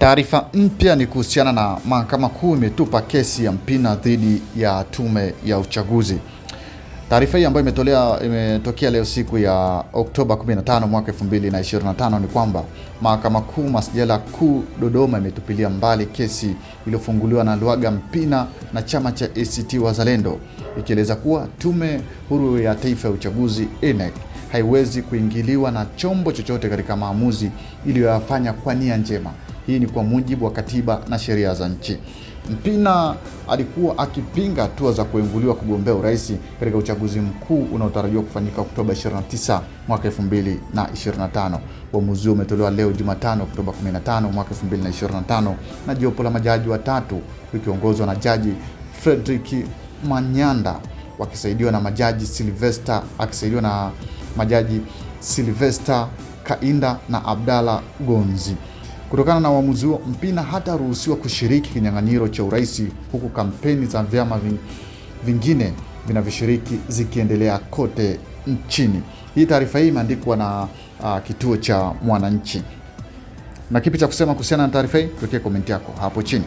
Taarifa mpya ni kuhusiana na Mahakama Kuu imetupa kesi ya Mpina dhidi ya Tume ya Uchaguzi. Taarifa hii ambayo imetolea imetokea leo siku ya Oktoba 15 mwaka 2025 ni kwamba Mahakama Kuu Masjala Kuu Dodoma imetupilia mbali kesi iliyofunguliwa na Luhaga Mpina na chama cha ACT Wazalendo ikieleza kuwa Tume Huru ya Taifa ya Uchaguzi INEC haiwezi kuingiliwa na chombo chochote katika maamuzi iliyoyafanya kwa nia njema hii ni kwa mujibu wa katiba na sheria za nchi. Mpina alikuwa akipinga hatua za kuenguliwa kugombea urais katika uchaguzi mkuu unaotarajiwa kufanyika Oktoba 29 mwaka 2025. Uamuzi huo umetolewa leo Jumatano Oktoba 15 mwaka 2025 na jopo la majaji watatu likiongozwa na Jaji Frederick Manyanda wakisaidiwa na majaji Sylvester akisaidiwa na majaji Sylvester Kainda na Abdalla Gonzi. Kutokana na uamuzi huo, Mpina hataruhusiwa kushiriki kinyang'anyiro cha urais, huku kampeni za vyama vingine vinavyoshiriki zikiendelea kote nchini. Hii taarifa hii imeandikwa na uh, kituo cha Mwananchi. Na kipi cha kusema kuhusiana na taarifa hii? Tuwekee komenti yako hapo chini.